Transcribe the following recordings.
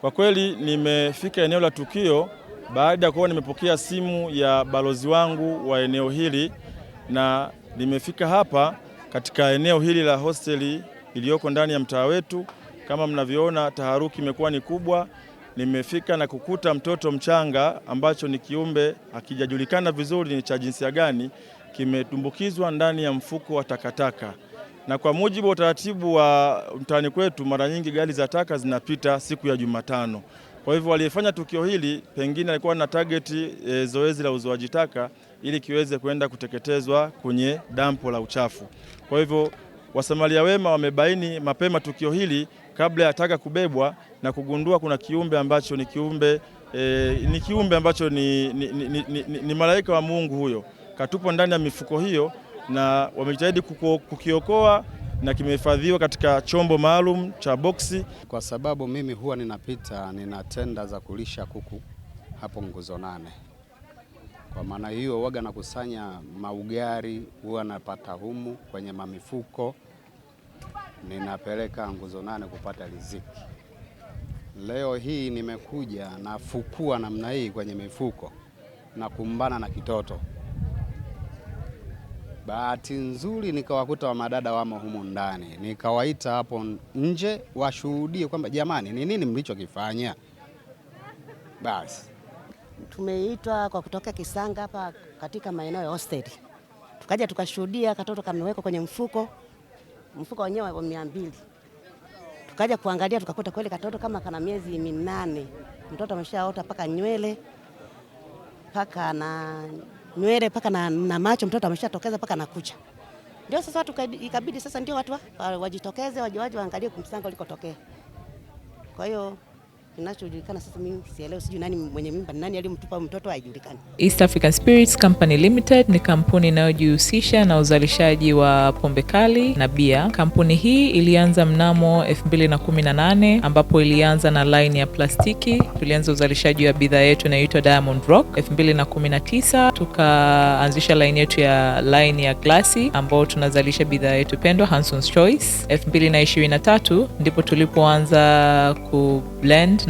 Kwa kweli nimefika eneo la tukio baada ya kuwa nimepokea simu ya balozi wangu wa eneo hili, na nimefika hapa katika eneo hili la hosteli iliyoko ndani ya mtaa wetu. Kama mnavyoona, taharuki imekuwa ni kubwa. Nimefika na kukuta mtoto mchanga ambacho ni kiumbe hakijajulikana vizuri ni cha jinsia gani, kimetumbukizwa ndani ya mfuko wa takataka na kwa mujibu wa utaratibu wa mtaani kwetu, mara nyingi gari za taka zinapita siku ya Jumatano. Kwa hivyo waliyefanya tukio hili pengine alikuwa na tageti e, zoezi la uzoaji taka ili kiweze kwenda kuteketezwa kwenye dampo la uchafu. Kwa hivyo wasamaria wema wamebaini mapema tukio hili kabla ya taka kubebwa na kugundua kuna kiumbe ambacho ni kiumbe e, ni kiumbe ambacho ni, ni, ni, ni, ni, ni malaika wa Mungu huyo katupo ndani ya mifuko hiyo na wamejitahidi kukiokoa na kimehifadhiwa katika chombo maalum cha boksi. Kwa sababu mimi huwa ninapita, nina tenda za kulisha kuku hapo nguzo nane. Kwa maana hiyo, waga nakusanya maugari, huwa napata humu kwenye mamifuko, ninapeleka nguzo nane kupata riziki. Leo hii nimekuja nafukua namna hii kwenye mifuko, na kumbana na kitoto. Bahati nzuri nikawakuta wamadada wamo humu ndani, nikawaita hapo nje washuhudie kwamba jamani, ni nini mlichokifanya. Basi tumeitwa kwa kutoka Kisanga hapa katika maeneo ya hosteli, tukaja tukashuhudia katoto kamewekwa kwenye mfuko, mfuko wenyewe wa mia mbili. Tukaja kuangalia tukakuta kweli katoto kama kana miezi minane, mtoto ameshaota mpaka nywele mpaka na nywele mpaka na, na macho mtoto ameshatokeza mpaka na kucha. Ndio sasa watu ikabidi sasa ndio watu wajitokeze waje waangalie kumsanga ulikotokea. Kwa hiyo Kinachojulikana sasa mimi sielewi, sijui nani mwenye mimba, nani alimtupa mtoto haijulikani. East Africa Spirits Company Limited ni kampuni inayojihusisha na uzalishaji wa pombe kali na bia. Kampuni hii ilianza mnamo 2018 ambapo ilianza na line ya plastiki. Tulianza uzalishaji wa bidhaa yetu inayoitwa Diamond Rock. 2019 tukaanzisha line yetu ya line ya glasi ambao tunazalisha bidhaa yetu pendwa Hanson's Choice. 2023 ndipo tulipoanza ku blend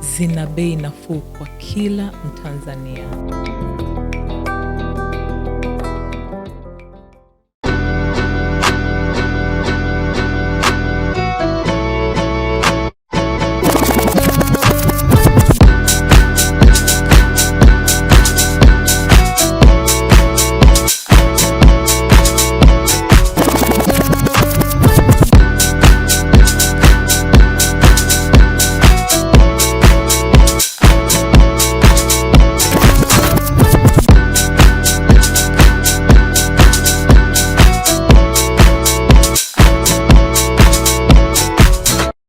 zina bei nafuu kwa kila Mtanzania.